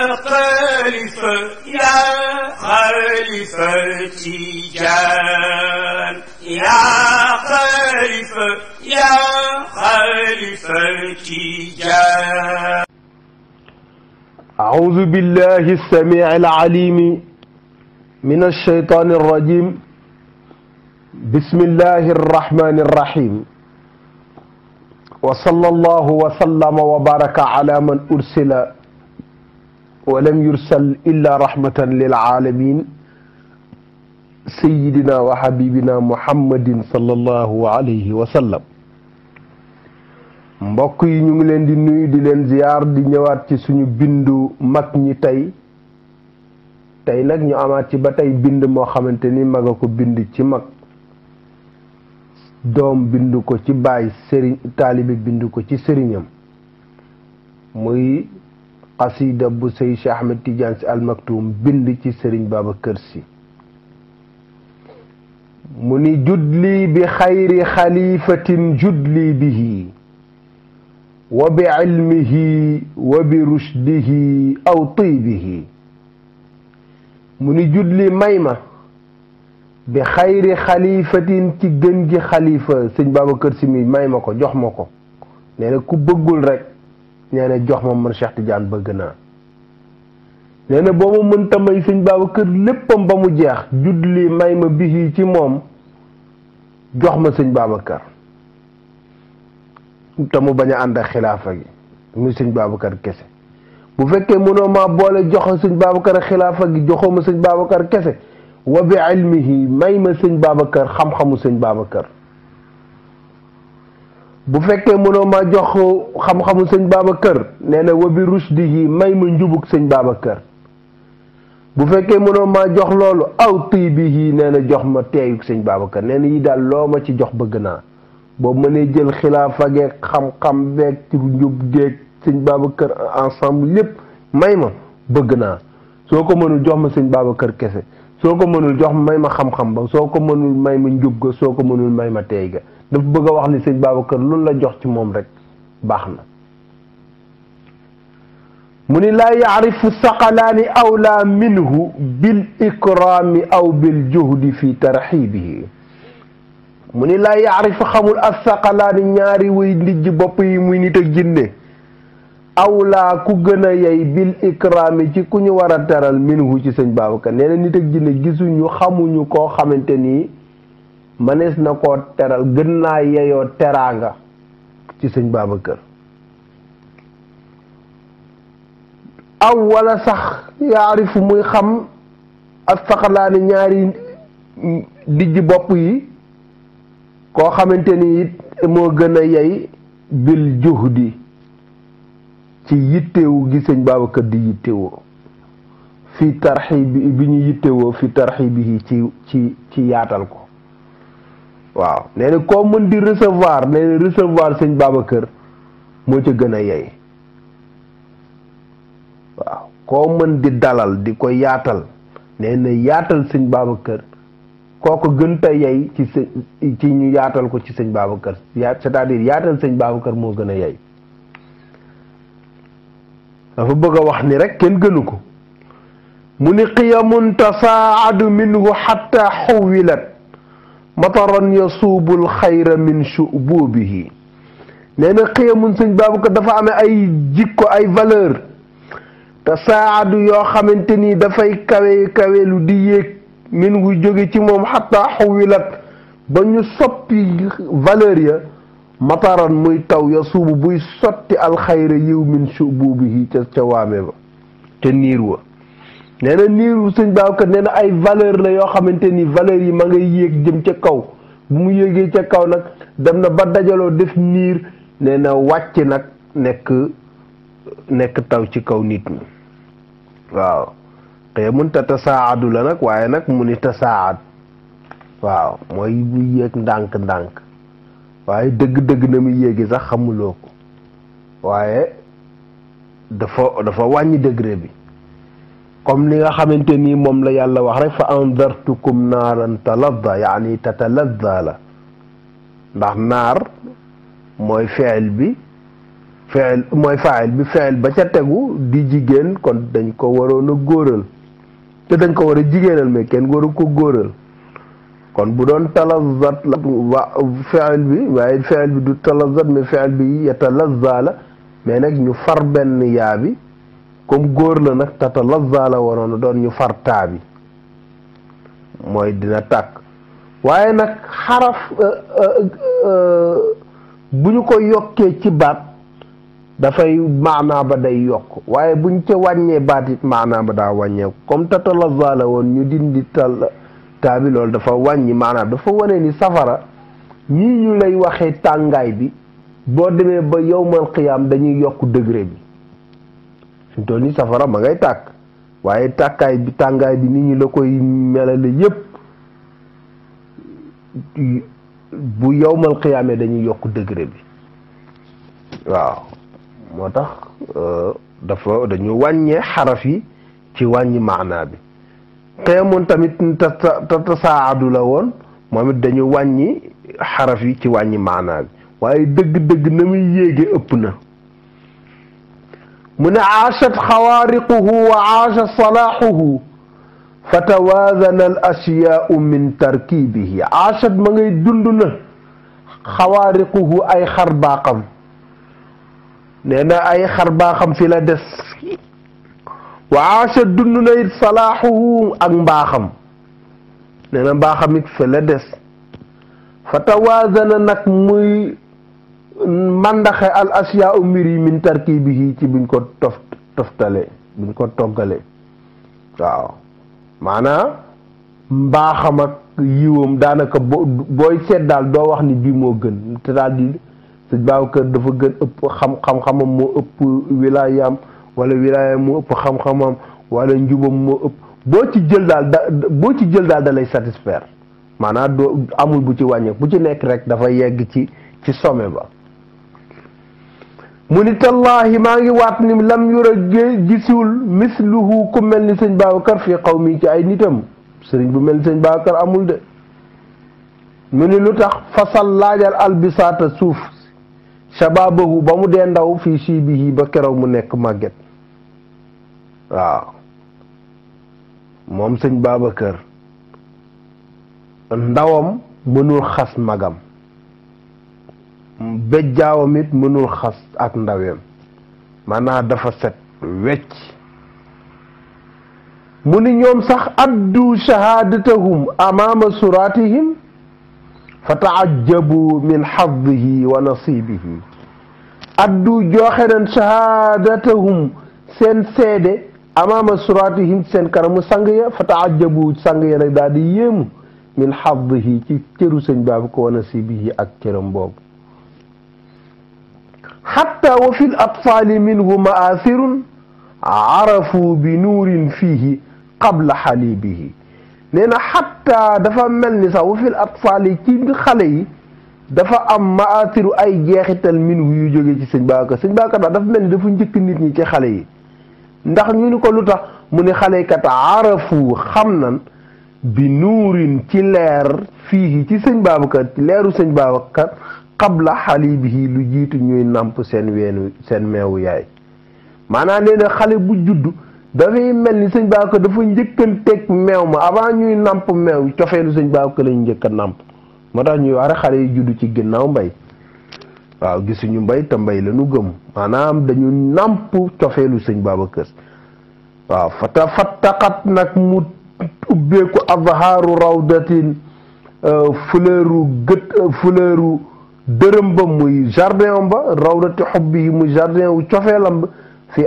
خليفة يا خليفة تيجان يا خليفة يا خليفة تيجان أعوذ بالله السميع العليم من الشيطان الرجيم بسم الله الرحمن الرحيم وصلى الله وسلم وبارك على من أرسل walam yursal illa rahmatan lil alamin sayidina wa habibina muhammadin sallallahu alayhi wa mbokk yi ñu ngi leen di nuyu di leen ziyaar di ñëwaat ci suñu bindu mag ñi tey tey nag ñu amaat ci ba tey bind moo xamante ni mag ko bind ci mag doom bind ko ci baay sëriñ taalibe bind ko ci sëriñam muy xasida bu sëy Cheikh Ahmed Tidiane si almaktum bind ci sëriñ Babacar Si mu ni judli bi xayri xalifatin judli bihi wa bi ilmihi wa bi rushdihi aw tibihi mu ni judli may ma bi xayri xalifatin ci gën gi xalifa sëñ Babacar mi may ma ko jox ma ko nee na ku bëggul rek nee jox ma man Cheikh Tidiane bëgg naa nee na boo ma mënta may kër Babacar léppam ba mu jeex judd judli may ma bisi ci moom jox ma sëñ Babacar te mu bañ a ànd ak xilaafa gi muy sëñ Babacar kese bu fekkee mënoo maa boole jox sëñ Babacar ak xilaafa gi joxoo ma sëñ Babacar kese wa bi may ma sëñ Babacar xam-xamu sëñ kër bu fekkee mënoo ma jox xam-xamu sëñ Babacar nee na wabi rushdihi may ma njubug sëñ kër bu fekkee mënoo maa jox loolu aw tibihi nee na jox ma teeyug sëñ Babacar nee na yi daal loo ma ci jox bëgg naa boo mënee jël xilaafa geeg xam-xam beeg ci njub geeg sëñ Babacar ensemble lépp may ma bëgg naa soo ko mënul jox ma sëñ kër kese soo ko mënul jox may ma xam-xam ba soo ko mënul may ma njub ga soo ko mënul may ma teey ga dafa bëgg a wax ni sëñ Babacar loolu la jox ci moom rek baax na mu ni laa yaarifu saqalaani awlaa minhu bil ikraami aw bil juhdi fi tarxiibihi mu ni laa yaarifu xamul as saqalaani ñaari wi ndijj bopp yi nit ak jinne awlaa ku gën a yey bil ikraami ci ku ñu war teral minhu ci sëñ Babacar nee na nit ak jinne gisuñu xamuñu koo xamante nii mënees na koo teral gën naa yeyoo teraanga ci sëñ Babacar aw wala sax yaarifu muy xam ak saxalaani ñaari dijj bopp yi koo xamante ni it moo gën a yey bil juhdi ci yittewu gi sëñ Babacar di yittewoo fi tarxi bi bi ñu yittewoo fi tarxi bi ci ci ci yaatal ko waaw nee koo mën di recevoir nee na recevoir sëñ Babacar moo ca gën a yey waaw koo mën di dalal di ko yaatal nee na yaatal sëñ Babacar kooko gën ta yey ci sëñ ñu yaatal ko ci sëñ Babacar c'est-à-dire yaatal sëñ kër moo gën a yey dafa bëgg a wax ni rek kenn gënu ko mu ni qiyamun tasaacadu minhu xatta xuwilat mataran yasuubul xayra min shububihi nee na qiyamun sëñ Babacar dafa amee ay jikko ay valeur tasaacadu yoo xamante ni dafay kawe kawe lu di yéeg min wu jóge ci moom xatta xuwilat ba ñu soppi valeur ya mataran muy taw ya suubu buy sotti alxayra yiw min sububihi ca ca waame ba te niir wa nee na niiru sëñ Babacar nee na ay valeur la yoo xamante ni valeur yi ma ngay yéeg jëm ca kaw bu mu yéegee ca kaw nag dem na ba dajaloo def niir nee na wàcc nag nekk nekk taw ci kaw nit ñi waaw xëy mun ta tasaadu la nag waaye nag mu ni tasaad waaw mooy bu yéeg ndànk-ndànk waaye dëgg-dëgg na muy yéegi sax xamuloo ko waaye dafa dafa wàññi degré bi comme li nga xamante nii moom la yàlla wax rek fa andartukum naaran taladda yaani tataladda la ndax naar mooy feel bi feel mooy faayil bi feel ba ca tegu di jigéen kon dañ ko waroon a góoral te dañ ko war a jigéenal mais kenn waru ko góoral kon bu doon talazat la wa fiil bi waaye fiil bi du talazat mais fiil bi yatalazza la mais nag ñu far benn yaa bi comme góor la nag tatalazza la waroon doon ñu far taa bi mooy dina tàkk waaye nag xaraf euh, euh, euh, bu ñu ko yokkee ci baat dafay maanaa ba day yokk waaye buñ ca wàññee baat it maanaa ba daa wàññeeku comme tatalazza la ñu dindi tal taa bi loolu dafa wàññi maanaam dafa wane ni safara ñii ñu lay waxee tàngaay bi boo demee ba yowmal qiyaam dañuy yokk degré bi fi mu toll nii safara ma ngay tàkk waaye tàkkaay bi tàngaay bi nit ñi la koy melale yépp bu yowmal qiyaamee dañuy yokk degré bi waaw moo tax euh, dafa dañu wàññee xaraf yi ci wàññi maanaa bi xeemun tamit ta tasaadu la woon moom it dañu wàññi xaraf yi ci wàññi maanaa bi waaye dëgg-dëgg na muy yéege ëpp na mu ne aashat xawaariquhu wa aasha salaaxuhu fa tawaazana al min tarkibihi aashat ma ngay dund na ay xarbaaxam nee ay xarbaaxam fi la des waaca dund na it salaaxuhu ak mbaaxam nee mbaaxam it fa la des fa tawaazana nag muy màndaxe al asiyaa u mbir yi min tarkibihi ci buñ ko tof toftale buñ ko toggale waaw maanaa mbaaxam ak yiwam daanaka bo booy seet doo wax ni bii moo gën te daal di sëñ Babacar dafa gën ëpp xam xam-xamam moo ëpp wilaayam wala wilaaya mu ëpp xam-xamam wala njubam moo ëpp boo ci jël daal da boo ci jël daal da lay satisfaire amul bu ci wàññeeku bu ci nekk rek dafa yegg ci ci sommet ba mu ni tallaahi maa ngi waat ni lam yura gisiwul misluhu ku mel ni sëñ Babacar fii xaw mi ci ay nitam sëriñ bu mel ni sëñ Babacar amul de mu ni lu tax fasal laajal albisaata suuf shababahu ba mu dee ndaw fii sii bi ba keroog mu nekk màgget waaw moom sëñ kër ndawam mënul xas magam béjjaawam it mënul xas ak ndaweem maanaam dafa set wecc mu ni ñoom sax addu shahadatahum amaama suratihim fa taajabu min xaddihi wa nasibihi addu jooxe shahadatahum seen seede amaama suraatihim seen karamu sang ya fa taajabu sang ya nag daal di yéemu min xaddihi ci cëru sëñ baabu ko wana si bihi ak cëram boobu xatta wa fi l atfaali minhu maasirun arafu bi nuurin fii qabla xalibihi nee na xatta dafa mel ni sax wa fi l ci xale yi dafa am maasiru ay jeexital minhu yu jógee ci sëñ baaka sëñ baaka daal dafa mel ni dafa njëkk nit ñi ci xale yi ndax ñu ni ko lu tax mu ne xalekat kat arafu xam nan bi nuurin ci leer fii ci sëñ Babacar leeru sëñ Babacar qabla xalibihi lu jiitu ñuy nàmp seen weenu seen meewu yaay maanaam nee na xale bu juddu dafay mel ni sëñ Babacar dafa teg meew ma avant ñuy nàmp meew cofeelu sëñ Babacar lañu njëkk a nàmp moo tax ñuy wax xale yi juddu ci ginnaaw mbay waaw gisuñu mbay te mbay la gëm maanaam dañu nàmp cofeelu sëñ Babacar waaw fata fattaqat nag mu ubbeeku azharu rawdatin euh, fleuru gët euh, fleuru dërëm muy jardin ba rawdati xubbi muy jardin wu cofeelam ba fi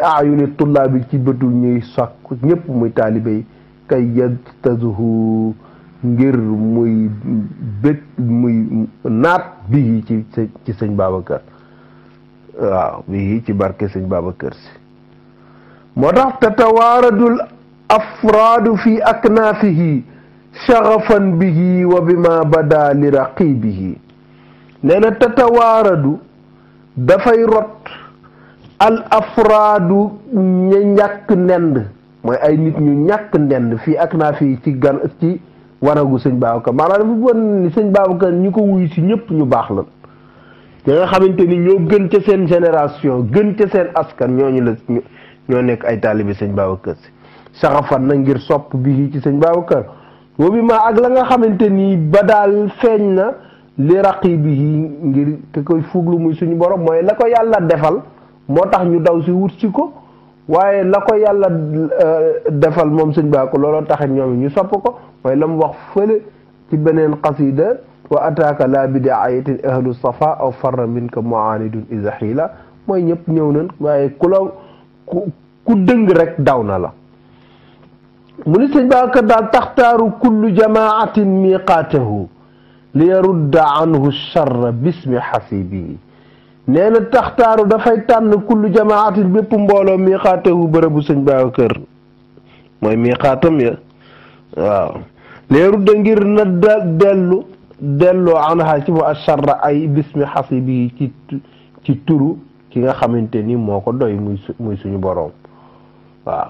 tullaabi ci bëtu ñuy sàkk ñëpp muy taalibe kay yajtazuhu ngir muy bég muy naat bii ci ci sëñ Babacar waaw bii ci barke sëñ Babacar si moo tax tatawaaradul afraadu fi aknaafihi shaghafan bihi wa bima bada li raqibihi nee na tatawaaradu dafay rot al afraadu ña ñàkk mooy ay nit ñu ñàkk ndend fii aknaafihi ci gan ci waragu sëñ Babacar maanaam dafa bon ni sëñ Babacar ñi ko wuyu si ñëpp ñu baax la te nga xamante ni ñoo gën ca seen génération gën ca seen askan ñooñu la ñoo nekk ay taalibe sëñ Babacar si saxafan na ngir sopp bi ci sëñ Babacar boobu maa ak la nga xamante nii ba daal feeñ na li raqi bi ngir te koy fuglu muy suñu borom mooy la ko yàlla defal moo tax ñu daw si wut si ko waye la ko yàlla defal moom sëñ baako lolo taxit ñom ñu sopp ko way lam wax fële ci benen qasida wa ataka la bidaayatin ahli safa aw far minka muanidun isa xiila mooy ñëpp ñëw nañ waye ku la ku deung rek dawna la mu ni sëñ baako daal taxtaaru kullu jamaatin miqaatahu li yarudda anhu charra bismi xasibi nee na taxtaaru dafay tànn kullu jamaatin bépp mbooloo miixaatahu bërëbu sëñ Babacar mooy miixaatam ya waaw leeru da ngir na dellu delloo anha ci wa asharra ay bismi xasibi ci ci turu ki nga xamante ni moo ko doy muy suñu boroom waaw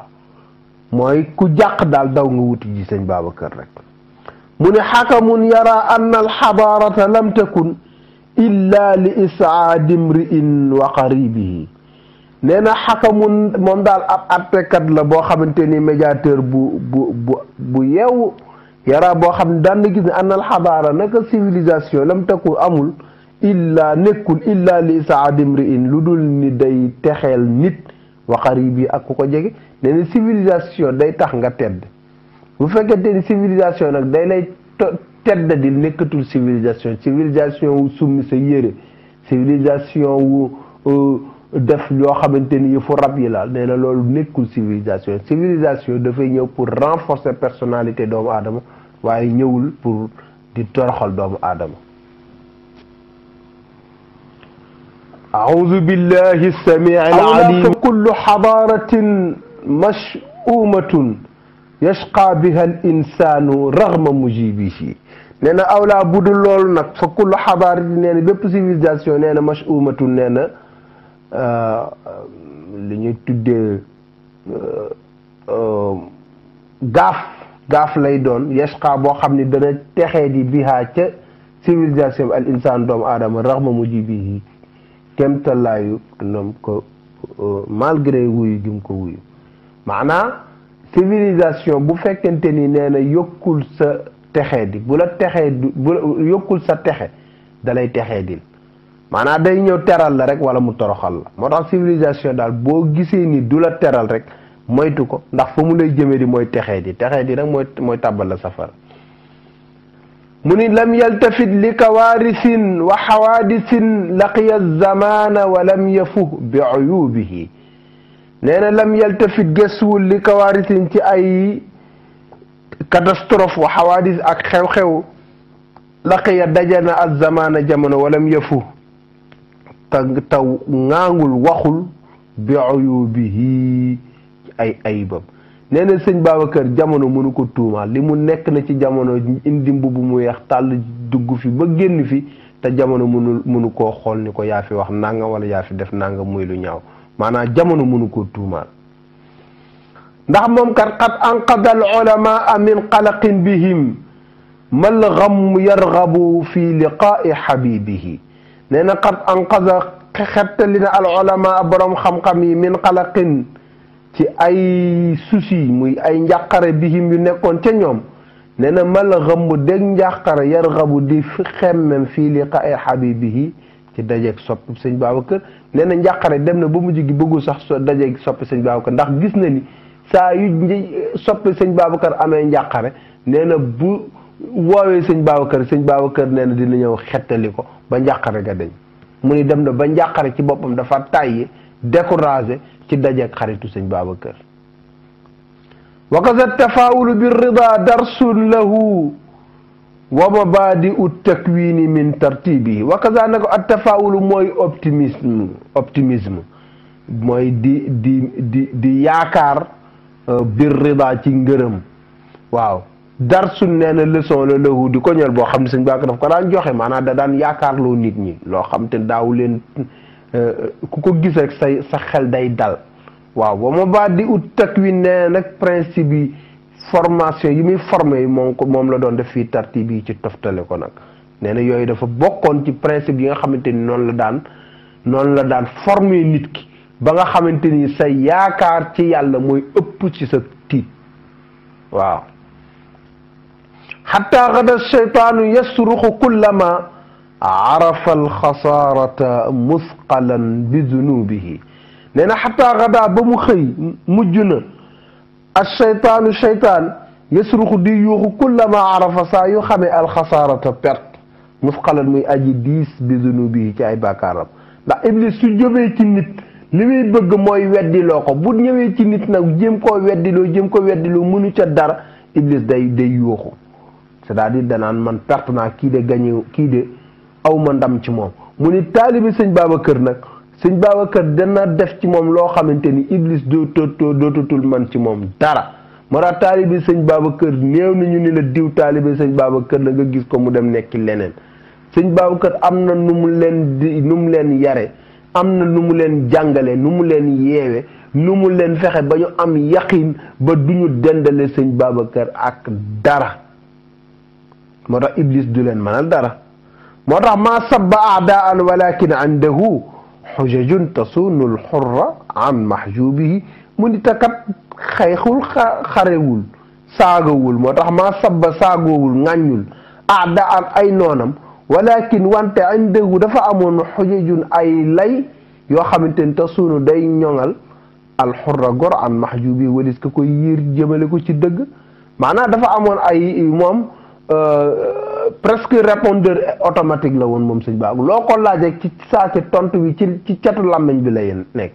mooy ku jaq daal daw nga wuti ji sëñ Babacar rek mu ne xakamun yara anna alxadarata lam takun illa li isaadi mriin wa qaribihi nee na xakamun moom daal ab la boo xamante ni médiateur bu bu bu bu yeewu yara boo xam ne daan na gis ne annal xadaara naka civilisation lam takku amul illa nekkul illa li isaadi mriin lu dul ni day texeel nit wa qaribi ak ku ko jege nee civilisation day tax nga tedd bu fekkente ni civilisation nag day lay tedd di nekkatul civilisation civilisation wu summi sa yére civilisation wu def lo xamanteni yu fu rab yi la neena lolou nekul civilisation civilisation da fay ñëw pour renforcer personnalité doomu aadama waye ñëwul pour di toroxal doomu aadama أعوذ بالله السميع العليم فكل حضارة مشؤومة yashqa biha al insanu raghma mujibihi nee na awlaa bu dul loolu nag fa kullu xadaarati nee na bépp civilisation nee na mashumatun nee na euh, li ñuy tuddee euh, gaaf gaaf lay doon yashqa boo xam ni dana texee di bihaa ca civilisation bi al insaan doomu aadama raxma mujibihi kemtalaayu ndoom ko euh, malgré wuyu gi mu ko wuyu maanaa civilisation bu fekkente ni nee na yokkul sa texee di bu la texee bu yokkul sa texe dalay texee dil maanaam day ñëw teral la rek wala mu toroxal la moo tax civilisation daal boo gisee ni du la teral rek moytu ko ndax fa mu lay jëmee di mooy texee di texee di nag mooy tabal la safara mu ni lam yaltafit li kawaarisin wa xawaadisin laqiya zamana wa lam yafuh bi uyubihi neena lam lam yaltafit gëstuwul li kawaarisin ci ay catastrophe wa xawaadis ak xew-xew laqiya dajana ak zamana jamono walla walam yëfu te taw ŋaangul waxul bi uyubihi ay ayibam nee na sëñ kër jamono mënu ko tuumaal li mu nekk na ci jamono indi mbubb mu weex tàll dugg fi ba génn fi te jamono mënu mënu koo xool ni ko yaa fi wax nanga wala yaa fi def nanga muy lu ñaaw maanaam jamono mënu koo tuumaal ndax moom kat qad anqada al ulamaa min qalaqin bihim mal gam yargabu fi liqaai xabibihi nee na qad anqada xettali na al ulamaa borom xam-xam yi min qalaqin ci ay souci muy ay njàqare bihim yu nekkoon ca ñoom nee na mal gam dégg njàqare yargabu di xemmem fi liqaai xabibihi ci dajeeg sopp sëñ Babacar nee na njàqare dem na ba mujj gi bëggul sax so dajeeg soppi sëñ Babacar ndax gis na ni saa yu soppi sëñ Babacar amee njàqare nee na bu woowee sëñ Babacar sëñ Babacar nee na dina ñëw xettali ko ba njàqare ga dañ mu ni dem na ba njàqare ci boppam dafa tàyyi découragé ci dajeeg xaritu sëñ Babacar wa kaza bi rida darsun lahu wa mabaadi u takwini min tartibi wa kazanaka at tafaawulu mooy optimisme optimisme mooy di di di di yaakaar euh, bir rida ci ngërëm waaw darsu nee na leçon la lahu di ko ñël boo xam ne sëñ Babacar daf ko daan joxe maanaa da daan yaakaarloo nit ñi loo xam te daaw leen euh, ku ko gis rek say sa xel day dal waaw wa mabaadi u takwin nee nag principe yi formation yi muy formé yi moom ko moom la doon def fii tartib yi ci toftale ko nag nee na yooyu dafa bokkoon ci principe yi nga xamante ni noonu la daan noonu la daan formé nit ki ba nga xamante ni sa yaakaar ci yàlla mooy ëpp ci sa tiit waaw xataa xada cheytaanu yasruxu kullama arafa alxasaarata musqalan bi zunubihi nee xataa xada ba mu xëy mujj na acheytaanu cheytaan yasruxu di yuuxu kullama arafa saa yu xamee alxasaarata perte musqalan muy aji diis bi zunubi ci ay bàkkaaram ndax iblis su jógee ci nit li muy bëgg mooy weddiloo ko bu ñëwee ci nit nag jéem koo weddiloo jéem ko weddiloo mënu ca dara iblis day day yuuxu cest à di danaan man perte naa kii de gañe kii de aw ma ndam ci moom mu ni taalibi sëñ kër nag sëñ Babacar dana def ci moom loo xamante ni Iblis dootoo dootatul man ci moom dara moo tax taalibi sëñ Babacar néew na ñu ni la diw taalibi sëñ baaba Babacar la nga gis ko mu dem nekki leneen sëñ Babacar am na nu mu leen di nu mu leen yare am na nu mu leen jàngale nu mu leen yeewe nu mu leen fexe ba ñu am yaqin ba du ñu dendale sëñ Babacar ak dara moo tax Iblis du leen mënal dara moo tax maa sabba aadaan walakin andahu xujajun tasunul xurra an ma mu ni takat xeexul xa xarewul saagawul moo tax maa sabba saagawul ŋàññul aada an ay noonam walakin wante indahu dafa amoon xujajun ay lay yoo xamante ni tasunu day ñoŋal alxurra gor an mahjubi walis ka koy yiir jëmale ko ci dëgg maanaam dafa amoon ay moom euh, presque répondeur automatique la woon moom sëñ Ba loo ko laajee ci saa ci tontu bi ci ci catu làmmiñ bi lay nekk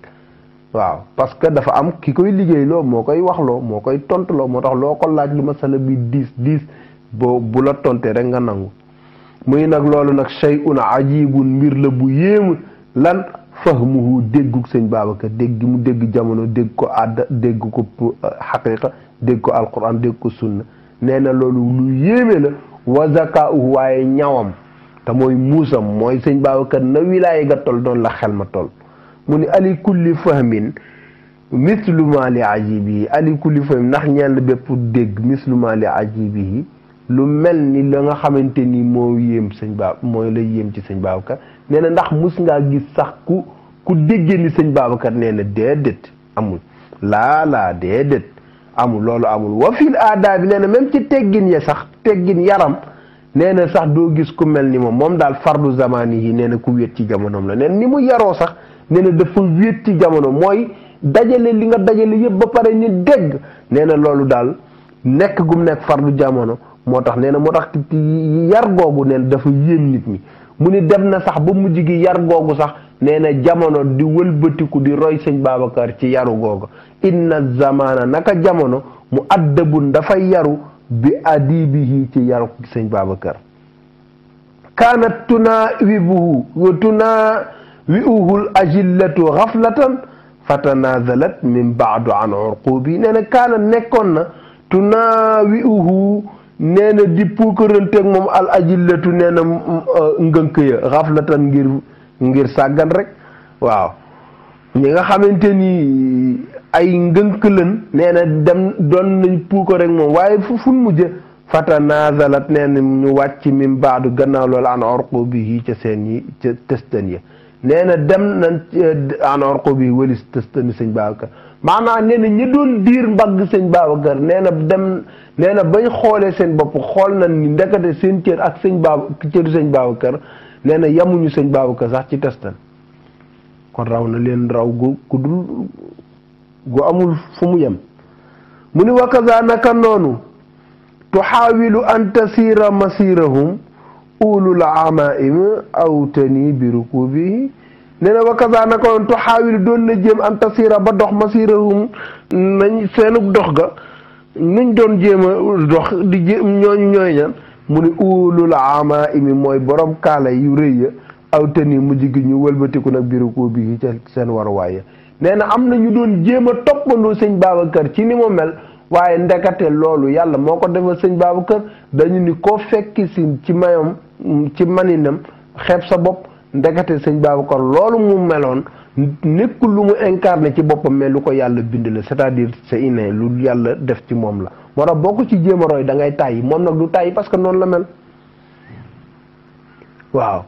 waaw parce que dafa am ki koy liggéeyloo moo koy wax loo moo koy tontuloo moo tax loo ko laaj lu ma masala bi diis diis boo bu la tontee rek nga nangu muy nag loolu nag a ajibun mbir la bu yéemu lan fahmuhu déggug sëñ Babacar dégg mu dégg jamono dégg ko àdda dégg ko xaqiqa dégg ko alquran dégg ko sunna nee na loolu lu wa zakauhu waaye ñawam te mooy muusam mooy sëñ Babacar na wilaaye ga tol doon la xel ma tol mu ni ali kulli fahmin misluma li ajibihi ali kulli fahmin ndax ñeen la bépp dégg misluma li ajibihi lu mel ni la nga xamante ni moo yéem sëñ Ba mooy la yéem ci sëñ Babacar nee ndax mus nga gis sax ku ku déggee ni sëñ Babacar nee na déedéet amul laa laa déedéet amul loolu amul wa fil aada bi nee na ci teggin ya sax teggin yaram nee na sax doo gis ku mel ni moom moom daal fardu zamani yi nee na ku wéet ci jamonoom la neen ni mu yaroo sax nee na dafa wéet ci jamono mooy dajale li nga dajale yëpp ba pare ñu dégg nee na loolu daal nekk gum nekk fardu jamono moo tax nee na moo tax yar googu nee na dafa nit ñi mu ni dem na sax ba mujj gi yar googu sax nee na jamono di wëlbatiku di roy sëñ Babacar ci yaru googu inna zamana naka jamono mu addabun dafay yaru bi adibihi ci yaru sëñ Babacar kaanat tunaa wibuhu tunaa wiuhul ajillatu xaflatan fatanazalat min baadu an urqubi nee na kaana nekkoon na tunaa wiuhu nee na di puukaranteeg moom al ajillatu nee na mm, mm, ngënk ya xaflatan ngir ngir sàggan rek waaw ñi nga xamante ni ay ngënk lën nee na dem doon nañ puu ko rek moom waaye fu fun mujj fata nazalat nee na ñu wàcc min baadu gannaaw loolu an orqo bi yi ca seen yi ca tëstan ya nee na dem nañ eh, an orqo bi walis tëstani sëñ Babacar maanaam nee na ñi doon diir mbagg sëñ Babacar nee na dem nee na bañ xoolee seen bopp xool nañ ni ndekate seen cër ak sëñ Babacar cëru sëñ Babacar nee na yamuñu sëñ Babacar sax ci testan kon raw na leen raw gu ku gu amul fu mu yem mu ni wakaza naka noonu tuxaawilu an tasiira masirahum ulul amaim awtani bi rukubihi nee na wakaza naka noonu tuxaawilu doon na jéem an tasiira ba dox masirahum nañ seenub dox ga nuñ doon jéem dox di jéem ñooñu ñooy ñan mu ni ulul amaim mooy borom kaala yu rëy aw tën yi mujj gi ñu wëlbatiku nag biiru koo bi ca seen waruwaay ya nee na am na ñu doon jéema toppandoo toppandoo sëñ Babacar ci ni mu mel waaye ndekate loolu yàlla moo ko defal sëñ Babacar dañu ni koo fekki si ci mayam ci maninam xeeb sa bopp ndekate sëñ Babacar loolu mu meloon nekkul lu mu incarné ci boppam mais lu ko yàlla bind la c'est-à-dire c'est inné lu yàlla def ci moom la moo bokk ci jéem a roy da ngay tàyyi moom nag du tàyyi parce que noonu la mel waaw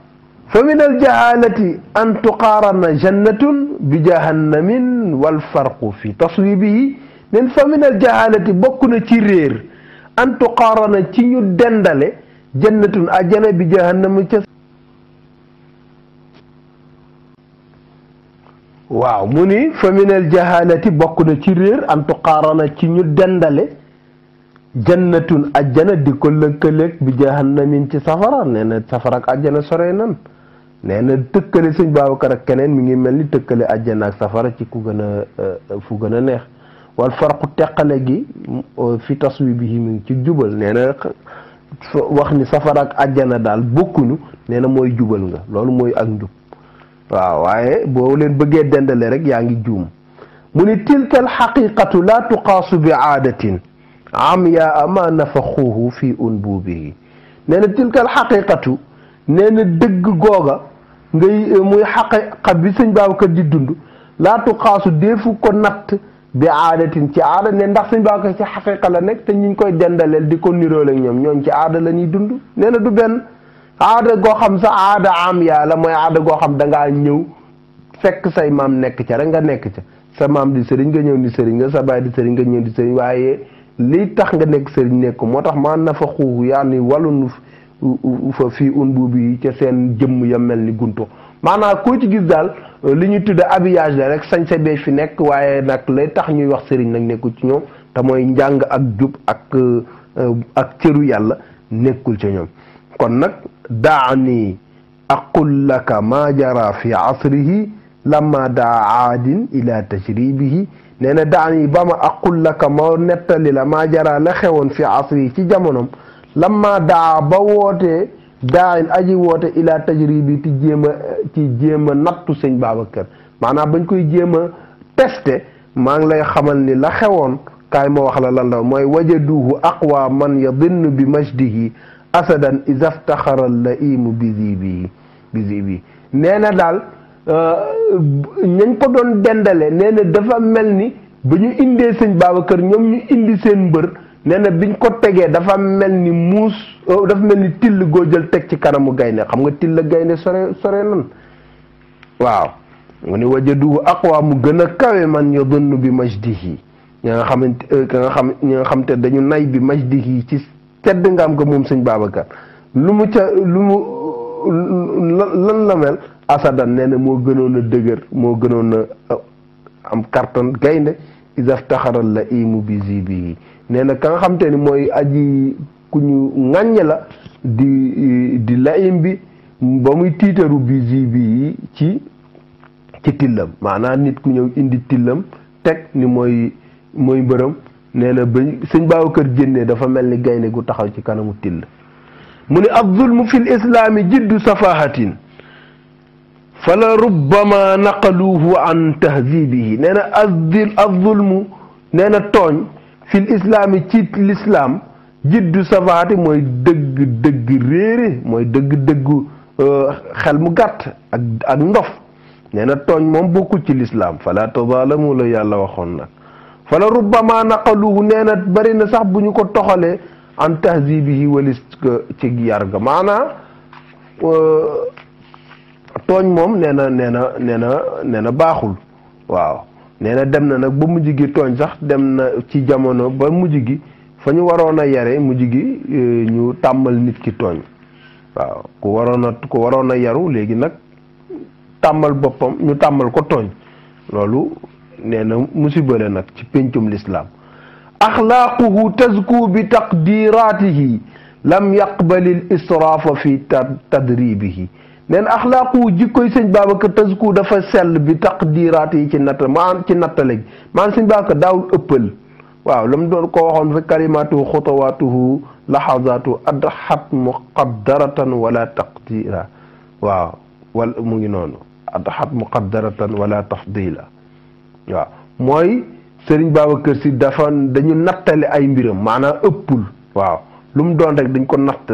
fa min aljahalati an tuqaarana jannatun bi jahannamin walfarqu fi taswibihi nen fa min aljahalati bokk na ci réer an tuqaarana ci ñu dendale jannatun ajjana bi jahannama ca waaw mu ni fa min aljahalati bokk na ci réer an tuqaarana ci ñu dendale jannatun ajjana di ko lëkkaleeg bi jahannamin ci safara nee na safara ak ajjana sore nan nee na tëkkale sëñ Babacar ak keneen mi ngi mel ni tëkkale àjjana ak safara ci ku gën a euh, fu gën a neex wal farqu teqale gi euh, fi taswi bi mi ngi ci jubal nee na wax ni safara ak àjjana daal bokkuñu nee na mooy jubal nga loolu mooy ak njub waaw waaye boo leen bëggee dendale rek yaa ngi juum mu ni tilka al xaqiqatu laa tuqaasu bi aadatin am yaa ama nafaxuuhu fi unbuubihi nee na tilka al xaqiqatu nee na dëgg googa ngay eh, muy xaqiqa bi sëñ Babacar di dund laatu xaasu deefu ko natt bi aadatin ci aada ne ndax sëñ Babacar ci xaqiqa la nekk te ñu koy dendaleel di ko nirool ak ñoom ñoom ci aada la ñuy dund nee na du benn aada goo xam sa aada am yaa la mooy aada goo xam da ngaa ñëw fekk say maam nekk ca rek nga nekk ca sa maam di sëriñ nga ñëw di sëriñ nga sa baay di sëriñ nga ñëw di sëriñ waaye lii tax nga nekk sëriñ nekk moo tax maa nafa xuuxu yaa ni wàllu fa fii un buubu yi ca seen jëmm ya mel ni gunto maanaam koo ci gis daal euh, li ñuy tudde habillage la rek sañ sa bee fi nekk waaye nag lay tax ñuy wax sëriñ nag nekkul ci ñoom te mooy njàng ak jub ak euh, ak cëru yàlla nekkul ci ñoom kon nag daani aqul laka maa jara fi asrihi lama daa aadin ila tajribihi nee na daani ba ma aqul laka ma nettali la maa jara la xewoon fi asrihi ci jamonom lama daa ba wootee daa aji woote ilaa tajribi ti jéem a ci jéem a nattu sëñ Babacar maanaam bañ koy jéem a testé maa ngi lay xamal ni la xewoon kaay ma wax la lan la mooy wajaduhu aqwa man yadinn bi majdihi asadan isaftaxara laimu bi zibihi bi zibihi nee na daal euh, ñañ ko doon dendale nee na dafa mel ni ba ñu indee sëñ kër ñoom ñu indi seen mbër nee na biñ ko tegee dafa mel ni muus euh, dafa mel ni till goo jël teg ci kanamu gaynde xam nga till la gaynde sore sore nan waaw mu ne wajaduhu aqwa mu gën a kawe man yadunnu bi majdihi ña nga xamante euh, xam ñi nga xam te dañu nay bi majdihi ci tedd nga am ko moom sëñ Babacar lu mu ca lu mu lan la mel asadan nee moo gënoon a dëgër moo gënoon am kartan gaynde isaf taxaral la imu bi zibi nee na ka nga ni mooy aji ku ñu ŋàññe la di di layim bi ba muy tiitaru bi ji ci ci tillam maanaam nit ku ñëw indi tillam teg ni mooy mooy mbërëm nee na ba sëñ baaw kër génnee dafa mel ni gaynde gu taxaw ci kanamu till mu ni ab zulmu fi l islaami jiddu safahatin fala rubbama naqaluhu an tahzibihi nee na zulmu nee tooñ fil islaami ci lislaam jiddu savaati mooy dëgg dëgg réere mooy dëgg dëgg euh, xel mu gàtt ak ak ndof nee na tooñ moom bokkul ci lislaam fala tazaalamu la yàlla waxoon nag fala rubbama naqaluhu nee na bëri na sax bu ñu ko toxalee an tahzibihi walis ci yar ga maanaa euh, tooñ moom nee na nee na nee na baaxul waaw nee na dem na nag ba mujj gi tooñ sax dem na ci jamono ba mujj gi fa ñu waroon a yare mujj gi eh, ñu tàmbal nit ki tooñ waaw ku waroon a ku waroon a yaru léegi nag tàmbal boppam ñu tàmbal ko tooñ loolu nee na musiba la nag ci péncum lislaam axlaaquhu tazku bi taqdiraatihi lam yaqbalil israafa fi tadribihi neen axlaaqu jikkoy sëñ Babacar tësku dafa sel bi taqdiraat yi ci natt maanaam ci nattale gi maanaam sëñ Babacar daawul ëppal waaw la doon ko waxoon fi kalimatu xutuwaatuhu laxazaatu adxat muqaddaratan wala taqdira waaw mu ngi noonu adxat muqaddaratan wala tafdila waaw mooy sëriñ Babacar si dafa dañu nattale ay mbiram maanaam ëppul doon rek ko natt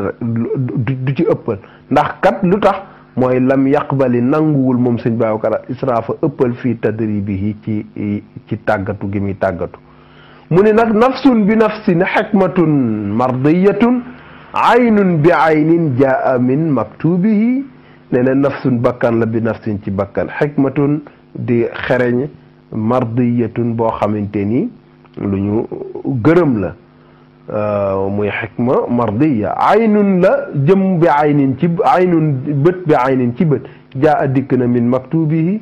du ci ëppal ndax kat lu tax mooy lam yaqbali nanguwul moom sëñ Babacar israafa ëppal fii tadribihi ci ci tàggatu gi muy tàggatu mu ne nag nafsun bi nafsin xikmatun mardiyatun aynun bi aynin jaa min maktubihi ne na nafsun bakkan la bi nafsin ci bakkan xikmatun di xereñ mardiyatun boo xamante ni lu ñu gërëm la Euh, muy xikma mardiya aynun la jëm bi aynin ci aynun bët bi aynin ci bët jaa dikk na min maktubihi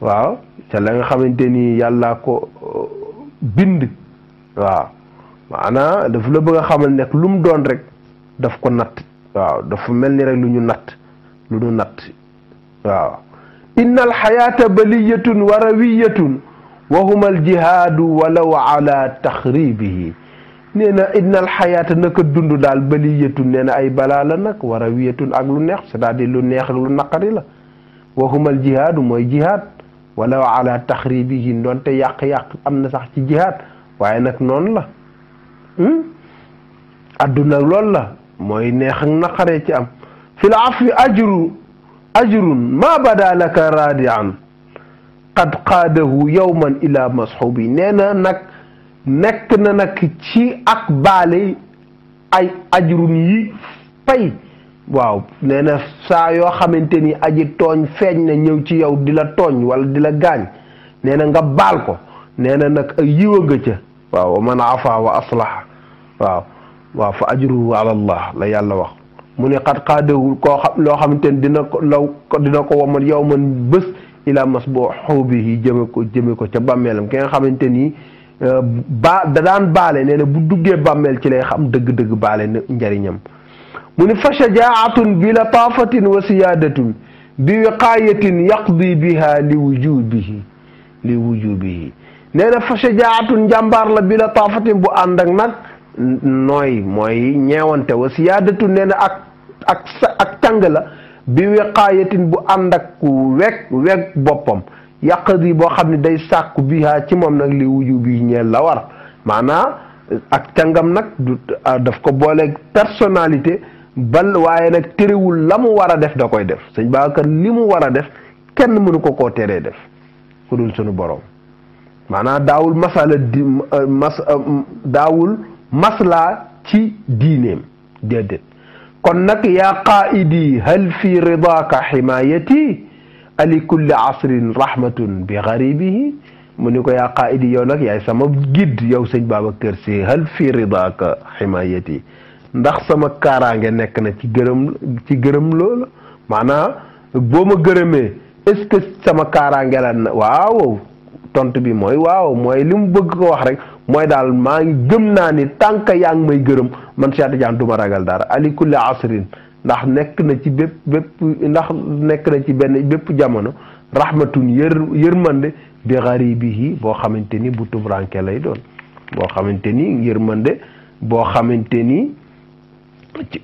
waaw ca la nga xamante ni yàllaa ko euh, bind waaw maanaa daf la bëgg a xamal nekk lu mu doon rek daf ko natt waaw dafa mel ni rek lu ñu natt lu ñu natt waaw inna alxayaata baliyatun wa rawiyatun wa huma aljihaadu walaw ala taxribihi nee na innal xayaata naka dund daal bali yëtun nee na ay balaa la nag war a wiyatun ak lu neex c'est-à-dire lu neex ak lu naqari la waxumal jihaadu mooy jihaad wala ala taxribihi doonte yàq-yàq am na sax ci jihaad waaye nag noonu la hmm? adduna loolu la mooy neex ak naqaree ci am fil afwi ajru ajrun ma bada laka radian qad qaadahu yowman ila masxubi nee na nag nekk na nag ci ak baale ay ajrun yi pay waaw nee na saa yoo xamante ni aji tooñ feeñ na ñëw ci yow di la tooñ wala di la gaañ nee na nga baal ko nee na nag ay yiw a ca waaw man afa wa aslaha waaw waaw fa ajruhu ala allah la yàlla wax mu ne xat xaadawul koo xam loo xamante ni dina ko law dina ko woman yow man bés ila mas boo xaw yi jëme ko jëme ko ca bàmmeelam ki nga xamante nii Euh, ba da daan baale nee bu duggee bàmmeel ci lay xam dëgg-dëgg baale njariñam mu ni fa shajaatun bi lataafatin wa siyaadatun bi wiqaayatin yaqdi biha li wujubihi li wujubihi nee na fa shajaatun njàmbaar la bi lataafatin bu ànd ak nag nooy mooy ñeewante wa siyaadatun nee na ak ak ak càng la bi wiqaayatin bu ànd ak wek wek boppam yàqat yi boo xam ne day sàkku bihaa ci moom nag li wuju bi ñeel la war maanaa ak cangam nag du daf ko booleeg personnalité bal waaye nag terewul la mu war a def da koy def sëñ Babacar li mu war a def kenn mënu ko koo teree def ku dul sunu borom maanaa daawul masala di mas daawul ci diineem déedéet kon nag yaa qaidi hal fi ridaaka himayati ali kulli asrin rahmatun bi garibihi mu ni ko yaa qaayidi yow nag yaay sama guide yow sëñ Babacar Sy hal fi ridaaka himayati ndax sama kaaraange nekk na ci gërëm ci gërëm loola maanaam boo ma gërëmee est-ce que sama kaaraange la na waaw tontu bi mooy waaw mooy li mu bëgg ko wax rek mooy daal maa ngi gëm naa ni tànk yaa ngi may gërëm man Cheikh Tidiane du ma ragal dara ali kulli asrin ndax nekk na ci bépp bépp ndax nekk na ci benn bépp jamono raxmatu yër yërmande bi garibihi boo xamante ni bu tubranke lay doon boo xamante ni yërmande boo xamante ni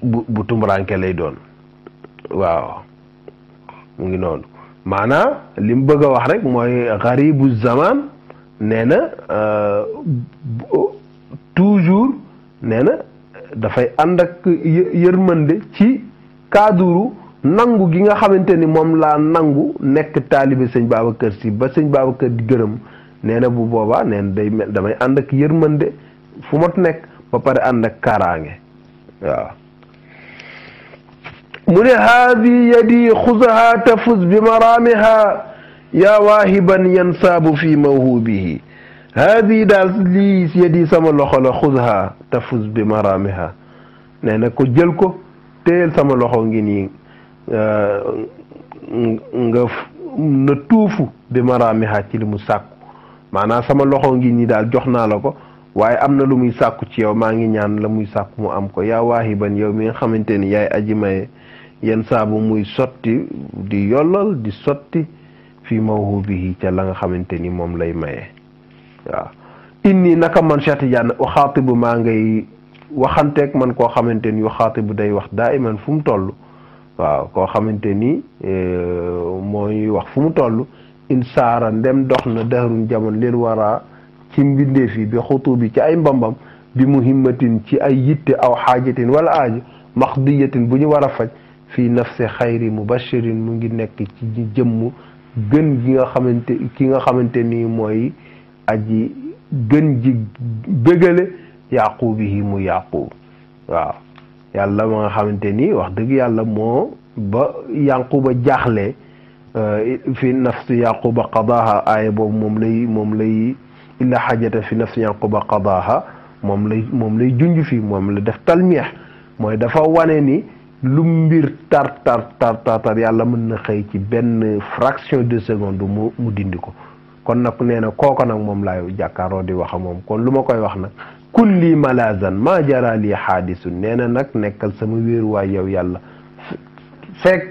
bu bu lay doon waaw mu ngi noonu maanaa li mu bëgg a wax rek mooy garibu zaman nee na euh, toujours nee na dafay ànd ak yërmande ci kaaduru nangu gi nga xamante ni moom laa nangu nekk taalibe sëñ Babacar si ba sëñ Babacar di gërëm nee na bu boobaa nee na day mel damay ànd ak yërmande fu ma nekk ba pare ànd ak kaaraange waaw mu ne haadi yadi xusaha tafus bi maraamiha yaa waahiban yansaabu fi mawhubihi haadi daal lii yadi sama loxo la xusaha tafus bi maraamiha nee ko jël ko téyel sama loxo ngi nii euh, nga na tuufu bi maraami xaaj ci li mu sàkku maanaam sama loxo ngi nii daal jox naa la ko waaye am na lu muy sàkku ci yow maa ngi ñaan la muy sàkku mu am ko yaa waaxi ban yow mi nga xamante ni yaay aji maye yenn saabu muy sotti di yollal di sotti fii mawhubihi ca la nga xamante ni moom lay maye waaw inni naka man Cheikh Tidiane uxaatibu maa ngay waxanteeg man koo xamante ni yu xaati bu day wax daa iman fu mu toll waaw koo xamante ni e, mooy wax fu mu toll insaara ndem dox na dahrun jamono leen waraa ci mbindeef yi bi xutu bi ci ay mbambam bi mu muhimmatin ci ay yitte aw xaajatin wala aajo maxdiyatin bu ñu war a faj fii nafse xayri mubashirin mu ngi nekk ci jëmm gën gi nga xamante ki nga xamante nii mooy aji gën ji bégale yaqubihi mu yaqub waaw yàlla ma nga xamante ni wax dëgg yàlla moo ba yanquba jaaxle euh, fi nafsi yaquba qadaha aaya boobu moom lay moom lay illa xajata fi nafsi a qadaha moom lay moom lay junj fii moom la def talmiix mooy dafa wane ni lu mbir tar tar tar tar yàlla mën na xëy ci benn fraction de seconde mu mu dindi ko kon nag nee na kooko nag moom laay jàkkaaroo di wax moom kon lu ma koy wax nag kun lii malazan maa lii xaadisu nee na nag nekkal sama wéeruwaay yow yàlla fekk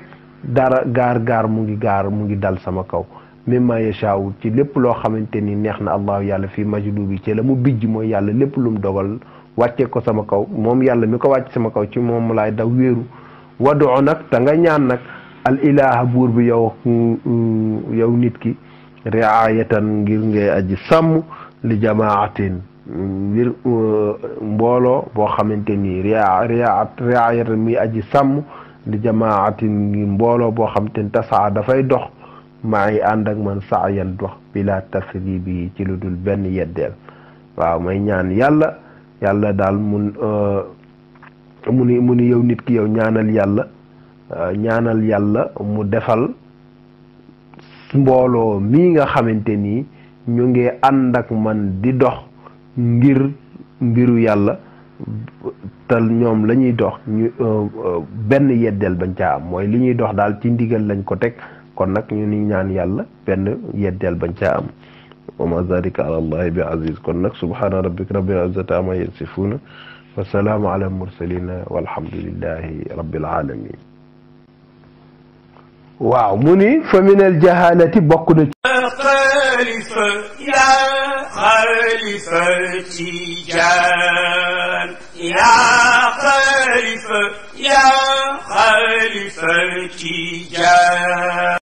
dara gaar gaar mu ngi gaar mu ngi dal sama kaw mimma yashaaw ci lépp loo xamante ni neex na allahu yàlla fii majdubi ci la mu bijj mooy yàlla lépp lum mu dogal wàcce ko sama kaw moom yàlla mi ko wàcc sama kaw ci moom mu laay daw wéeru wadoo nag te nga ñaan nag al ilaha buur bi yow nit ki riayatan ngir ngay aji sàmm li jamaatin wir euh, mbooloo boo xamante ni riyaa riyaa riyaayat muy aji sàmm di jamaatin mbooloo boo xamante ni tasaa dafay dox maa ngi ànd ak man saa yan dox bila tasribi ci lu dul benn yeddeel waaw may ñaan yàlla yàlla daal mun euh, mu ni mu ni yow nit ki yow ñaanal yàlla euh, ñaanal yàlla mu defal mbooloo mii nga xamante ni ñu ngi ànd ak man di dox ngir mbiru yàlla tal ñoom la ñuy dox euh, euh, benn yeddeel bañ caa am mooy li ñuy dox daal ci ndigal lañ ko teg kon nag ñu ni ñaan yàlla benn yeddeel bañ caa am wa ma zalika ala bi aziz kon nag subhana rabbika rabbil izzati amma yasifuna wa salaamu ala mursalina walhamdulillahi rabbil alamin waaw mu ni fa min al jahalati bokk na خليفة جان يا خليفة يا خليفة جان